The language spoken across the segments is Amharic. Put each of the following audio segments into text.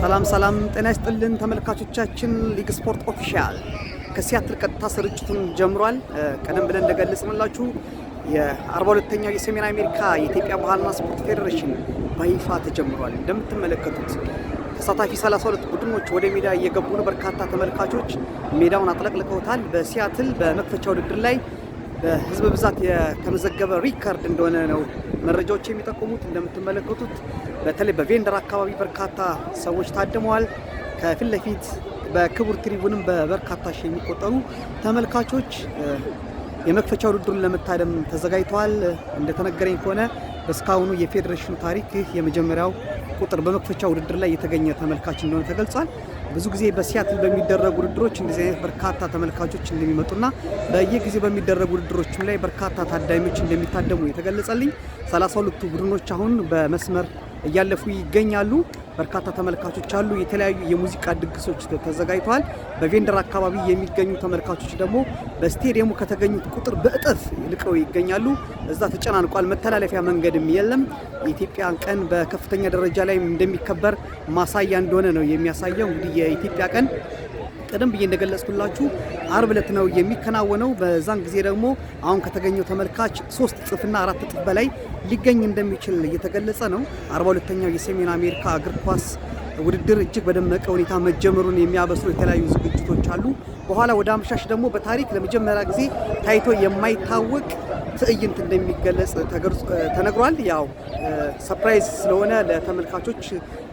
ሰላም ሰላም፣ ጤና ይስጥልን ተመልካቾቻችን። ሊግ ስፖርት ኦፊሻል ከሲያትል ቀጥታ ስርጭቱን ጀምሯል። ቀደም ብለን እንደገለጽንላችሁ የአርባ ሁለተኛው የሰሜን አሜሪካ የኢትዮጵያ ባህልና ስፖርት ፌዴሬሽን በይፋ ተጀምሯል። እንደምትመለከቱት ተሳታፊ 32 ቡድኖች ወደ ሜዳ እየገቡ ነው። በርካታ ተመልካቾች ሜዳውን አጥለቅልቀውታል። በሲያትል በመክፈቻ ውድድር ላይ በህዝብ ብዛት የተመዘገበ ሪከርድ እንደሆነ ነው መረጃዎች የሚጠቁሙት እንደምትመለከቱት በተለይ በቬንደር አካባቢ በርካታ ሰዎች ታድመዋል። ከፊት ለፊት በክቡር ትሪቡንም በበርካታ ሺህ የሚቆጠሩ ተመልካቾች የመክፈቻ ውድድሩን ለመታደም ተዘጋጅተዋል። እንደተነገረኝ ከሆነ በእስካሁኑ የፌዴሬሽኑ ታሪክ ይህ የመጀመሪያው ቁጥር በመክፈቻ ውድድር ላይ የተገኘ ተመልካች እንደሆነ ተገልጿል። ብዙ ጊዜ በሲያትል በሚደረጉ ውድድሮች እንደዚህ አይነት በርካታ ተመልካቾች እንደሚመጡና በየጊዜው በሚደረጉ ውድድሮችም ላይ በርካታ ታዳሚዎች እንደሚታደሙ የተገለጸልኝ። ሰላሳ ሁለቱ ቡድኖች አሁን በመስመር እያለፉ ይገኛሉ። በርካታ ተመልካቾች አሉ። የተለያዩ የሙዚቃ ድግሶች ተዘጋጅተዋል። በቬንደር አካባቢ የሚገኙ ተመልካቾች ደግሞ በስቴዲየሙ ከተገኙት ቁጥር በእጥፍ ልቀው ይገኛሉ። እዛ ተጨናንቋል። መተላለፊያ መንገድም የለም። የኢትዮጵያን ቀን በከፍተኛ ደረጃ ላይ እንደሚከበር ማሳያ እንደሆነ ነው የሚያሳየው። እንግዲህ የኢትዮጵያ ቀን ቀደም ብዬ እንደገለጽኩላችሁ አርብ ዕለት ነው የሚከናወነው። በዛን ጊዜ ደግሞ አሁን ከተገኘው ተመልካች ሶስት እጥፍና አራት እጥፍ በላይ ሊገኝ እንደሚችል እየተገለጸ ነው። አርባ ሁለተኛው የሰሜን አሜሪካ እግር ኳስ ውድድር እጅግ በደመቀ ሁኔታ መጀመሩን የሚያበስሩ የተለያዩ ዝግጅቶች አሉ። በኋላ ወደ አምሻሽ ደግሞ በታሪክ ለመጀመሪያ ጊዜ ታይቶ የማይታወቅ ትዕይንት እንደሚገለጽ ተነግሯል። ያው ሰፕራይዝ ስለሆነ ለተመልካቾች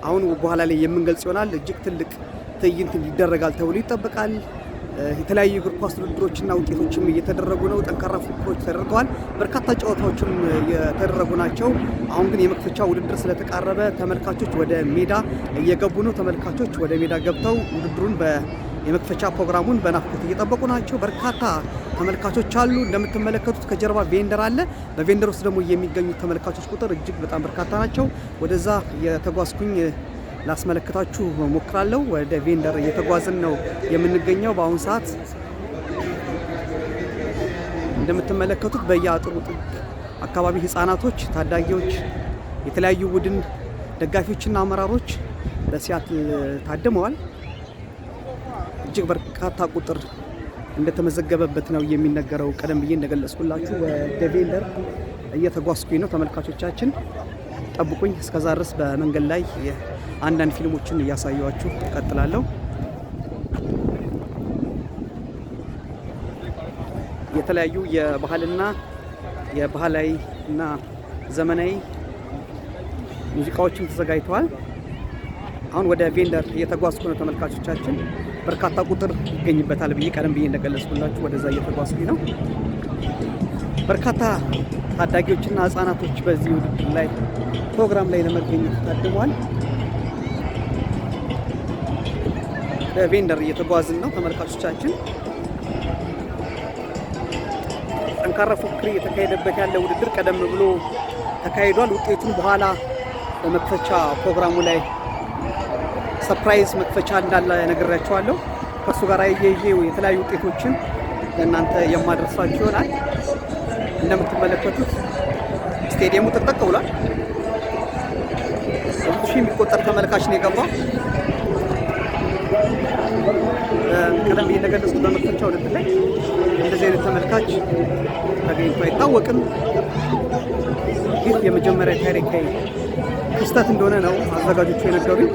አሁን በኋላ ላይ የምንገልጽ ይሆናል። እጅግ ትልቅ ትዕይንት ይደረጋል ተብሎ ይጠበቃል። የተለያዩ እግር ኳስ ውድድሮችና ውጤቶችም እየተደረጉ ነው። ጠንካራ ፉክክሮች ተደርገዋል። በርካታ ጨዋታዎችም የተደረጉ ናቸው። አሁን ግን የመክፈቻ ውድድር ስለተቃረበ ተመልካቾች ወደ ሜዳ እየገቡ ነው። ተመልካቾች ወደ ሜዳ ገብተው ውድድሩን የመክፈቻ ፕሮግራሙን በናፍቆት እየጠበቁ ናቸው። በርካታ ተመልካቾች አሉ። እንደምትመለከቱት ከጀርባ ቬንደር አለ። በቬንደር ውስጥ ደግሞ የሚገኙ ተመልካቾች ቁጥር እጅግ በጣም በርካታ ናቸው። ወደዛ የተጓዝኩኝ ላስመለክታችሁ ሞክራለሁ። ወደ ቬንደር እየተጓዝን ነው የምንገኘው በአሁኑ ሰዓት እንደምትመለከቱት በየአጥሩ ጥግ አካባቢ ህጻናቶች፣ ታዳጊዎች፣ የተለያዩ ቡድን ደጋፊዎችና አመራሮች በሲያትል ታድመዋል። እጅግ በርካታ ቁጥር እንደተመዘገበበት ነው የሚነገረው። ቀደም ብዬ እንደገለጽኩላችሁ ወደ ቬንደር እየተጓዝኩኝ ነው ተመልካቾቻችን። ጠብቁኝ። እስከዛ ድረስ በመንገድ ላይ አንዳንድ ፊልሞችን እያሳየኋችሁ እቀጥላለሁ። የተለያዩ የባህልና የባህላዊ እና ዘመናዊ ሙዚቃዎችም ተዘጋጅተዋል። አሁን ወደ ቬንደር እየተጓዝኩ ነው ተመልካቾቻችን። በርካታ ቁጥር ይገኝበታል ብዬ ቀደም ብዬ እንደገለጽኩላችሁ ወደዛ እየተጓዝኩኝ ነው። በርካታ ታዳጊዎችና ህጻናቶች በዚህ ውድድር ላይ ፕሮግራም ላይ ለመገኘት ታድመዋል። በቬንደር እየተጓዝን ነው ተመልካቾቻችን። ጠንካራ ፉክክር እየተካሄደበት ያለ ውድድር ቀደም ብሎ ተካሂዷል። ውጤቱን በኋላ በመክፈቻ ፕሮግራሙ ላይ ሰርፕራይዝ መክፈቻ እንዳለ ነግሬያቸዋለሁ። ከእሱ ጋር እየይዤ የተለያዩ ውጤቶችን ለእናንተ የማደርሳችሁ ይሆናል። እንደምትመለከቱት ስቴዲየሙ ጥቅጥቅ ብሏል። ብዙ ሺህ የሚቆጠር ተመልካች ነው የገባው። ቀደም እየተገለጹ በመክፈቻ ውድድር ላይ እንደዚህ አይነት ተመልካች ተገኝቶ አይታወቅም። ይህ የመጀመሪያ ታሪካዊ ክስተት እንደሆነ ነው አዘጋጆቹ የነገሩኝ።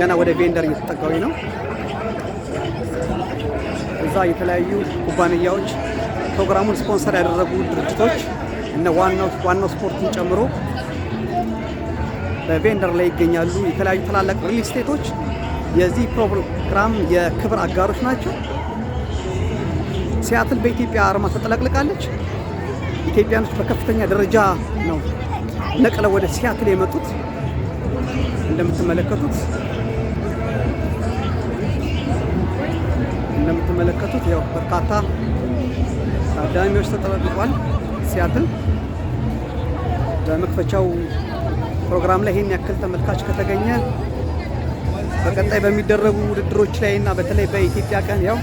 ገና ወደ ቬንደር እየተጠጋዊ ነው። እዛ የተለያዩ ኩባንያዎች ፕሮግራሙን ስፖንሰር ያደረጉ ድርጅቶች እነ ዋናው ስፖርትን ጨምሮ በቬንደር ላይ ይገኛሉ። የተለያዩ ትላላቅ ሪል ስቴቶች የዚህ ፕሮግራም የክብር አጋሮች ናቸው። ሲያትል በኢትዮጵያ አርማ ተጠለቅልቃለች። ኢትዮጵያኖች በከፍተኛ ደረጃ ነው ነቅለው ወደ ሲያትል የመጡት። እንደምትመለከቱት እንደምትመለከቱት ያው በርካታ ታዳሚዎች ተጠብቋል። ሲያትል በመክፈቻው ፕሮግራም ላይ ይህን ያክል ተመልካች ከተገኘ በቀጣይ በሚደረጉ ውድድሮች ላይ እና በተለይ በኢትዮጵያ ቀን ያው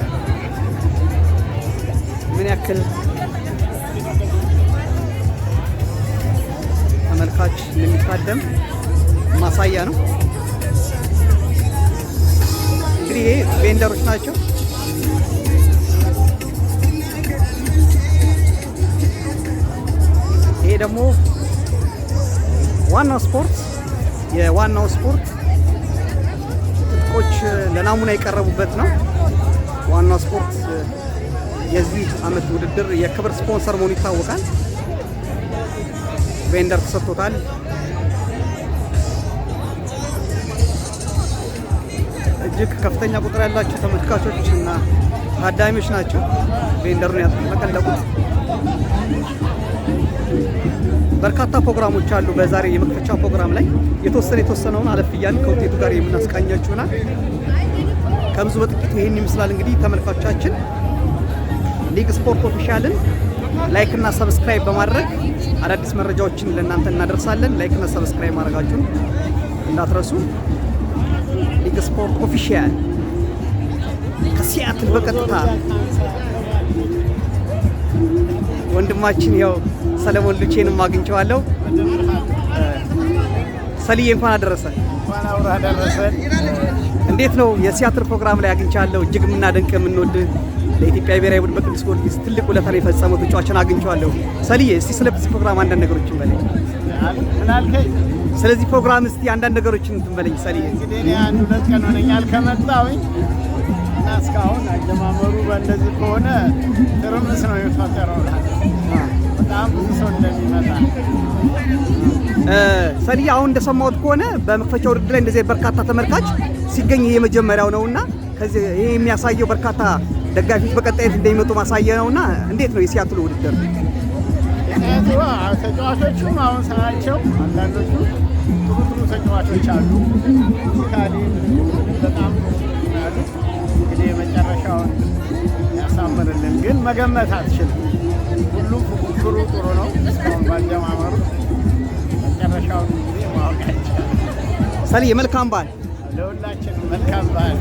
ምን ያክል ተመልካች እንደሚታደም ማሳያ ነው። እንግዲህ ይሄ ቬንደሮች ናቸው። ደግሞ ዋናው ስፖርት የዋናው ስፖርት ትጥቆች ለናሙና የቀረቡበት ነው። ዋናው ስፖርት የዚህ አመት ውድድር የክብር ስፖንሰር መሆኑ ይታወቃል። ቬንደር ተሰጥቶታል። እጅግ ከፍተኛ ቁጥር ያላቸው ተመልካቾች እና ታዳሚዎች ናቸው ቬንደሩን ያጥለቀለቁት። በርካታ ፕሮግራሞች አሉ። በዛሬ የመክፈቻ ፕሮግራም ላይ የተወሰነ የተወሰነውን አለፍ እያልን ከውጤቱ ጋር የምናስቃኛችሁናል። ከብዙ በጥቂቱ ይህን ይመስላል። እንግዲህ ተመልካቻችን ሊግ ስፖርት ኦፊሻልን ላይክ እና ሰብስክራይብ በማድረግ አዳዲስ መረጃዎችን ለእናንተ እናደርሳለን። ላይክ እና ሰብስክራይብ ማድረጋችሁን እንዳትረሱ። ሊግ ስፖርት ኦፊሻል ከሲያትል በቀጥታ ወንድማችን ያው ሰለሞን ሉቼንም አግኝቼዋለሁ። ሰልዬ እንኳን አደረሰ። እንዴት ነው የሲያትር ፕሮግራም ላይ አግኝቻለሁ። እጅግ የምናደንቅ የምንወድ ለኢትዮጵያ ብሔራዊ ቡድን በቅዱስ ጊዮርጊስ ትልቅ ላይ የፈጸሙ ተጫዋቾችን አግኝቼዋለሁ። ሰልዬ እስቲ ስለ ፕሮግራም አንዳንድ ነገሮችን በለኝ። ስለዚህ ፕሮግራም እስቲ አንዳንድ ነገሮችን እንትን በለኝ ሰልዬ። እንግዲህ እኔ አንድ ሁለት ቀን ሆነኛል ከመጣሁኝ እና እስካሁን አጀማመሩ በእንደዚህ ከሆነ ትርምስ ነው የሚፈጠረው። ሰልዬ አሁን እንደሰማሁት ከሆነ በመክፈቻ ውድድር ላይ እንደዚህ በርካታ ተመልካች ሲገኝ ይህ የመጀመሪያው ነውና ከዚህ ይህ የሚያሳየው በርካታ ደጋፊዎች በቀጣይነት እንደሚመጡ ማሳየ ነውና እንዴት ነው የሲያትሉ ውድድር? ተጫዋቾቹም አሁን ሳያቸው አንዳንዶቹ ጥሩ ጥሩ ተጫዋቾች አሉ። ሙዚካሊ በጣም እንግዲህ የመጨረሻውን ያሳምርልን፣ ግን መገመት አትችልም ጅምሩ ጥሩ ነው። ባጀማመሩ መጨረሻውን እንግዲህ ማወቅ አይቻልም። ሰልዬ መልካም በዓል ለሁላችንም መልካም በዓል።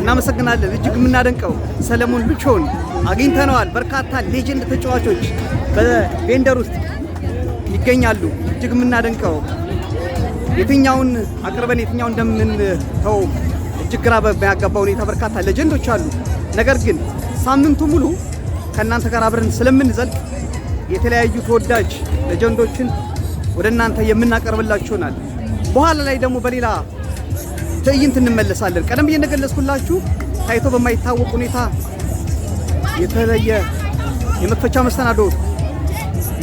እናመሰግናለን። እጅግ የምናደንቀው ሰለሞን ልቾን አግኝተነዋል። በርካታ ሌጀንድ ተጫዋቾች በቬንደር ውስጥ ይገኛሉ። እጅግ የምናደንቀው የትኛውን አቅርበን የትኛውን እንደምንተው እጅግ ግራ በሚያጋባ ሁኔታ በርካታ ሌጀንዶች አሉ። ነገር ግን ሳምንቱ ሙሉ ከእናንተ ጋር አብረን ስለምንዘልቅ የተለያዩ ተወዳጅ ለጀንዶችን ወደ እናንተ የምናቀርብላችሁ ይሆናል። በኋላ ላይ ደግሞ በሌላ ትዕይንት እንመለሳለን። ቀደም ብዬ እንደገለጽኩላችሁ ታይቶ በማይታወቅ ሁኔታ የተለየ የመክፈቻ መሰናዶ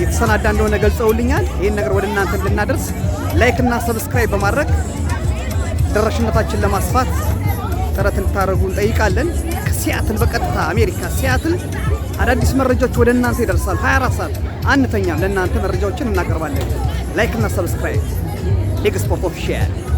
የተሰናዳ እንደሆነ ገልጸውልኛል። ይህን ነገር ወደ እናንተ ልናደርስ ላይክ እና ሰብስክራይብ በማድረግ ተደራሽነታችን ለማስፋት ጥረት እንድታደርጉ እንጠይቃለን። ከሲያትል በቀጥታ አሜሪካ ሲያትል አዳዲስ መረጃዎች ወደ እናንተ ይደርሳል። 24 ሰዓት አንተኛም፣ ለእናንተ መረጃዎችን እናቀርባለን። ላይክ እና ሰብስክራይብ ሊግ ስፖርት ኦፊሻል